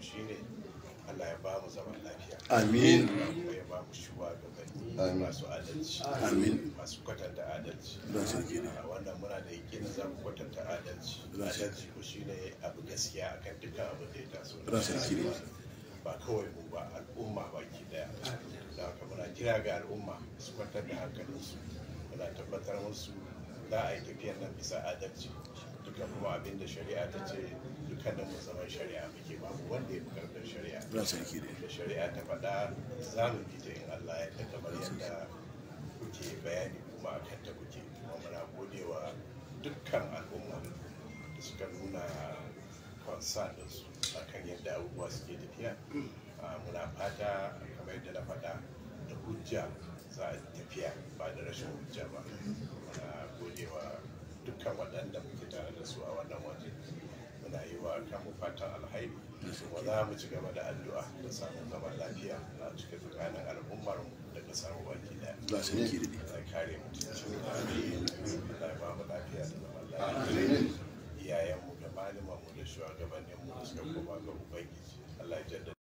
shine Allah ya ba mu zaman lafiya amin ya ba mu shugabanni masu adalci amin masu kwatanta adalci ah, wannan muna da yakinin za mu kwatanta adalci adalci ko shine abu gaskiya akan dukkan abin da ya taso ba kawai mu ba al'umma baki daya da haka muna kira ga al'umma su kwantar da hankalinsu muna tabbatar musu za a yi tafiyar nan bisa adalci da kuma abin da shari'a ta ce dukkanin mu zaman shari'a muke babu wanda ya da shari'a da shari'a ta faɗa za mu bi ta yin Allah yadda kamar yadda kuke bayani kuma akan ta kuke kuma muna godewa dukkan al'umma da suka nuna concern da su kan yadda abubuwa suke tafiya ah, muna fata kamar yadda na faɗa da hujja za a tafiya ba da rashin hujja ba muna godewa dukkan waɗanda da su a wannan waje muna yi wa kanmu fatan alhairi kuma za mu ci gaba da addu'a da samun zaman lafiya a cikin tsakanin al'ummar da ka samu baki daya za su yi da kare mu amin ba mu lafiya da zaman lafiya iyayen mu da malaman mu da shugabannin mu suka koma ga ubangiji Allah ya jaddada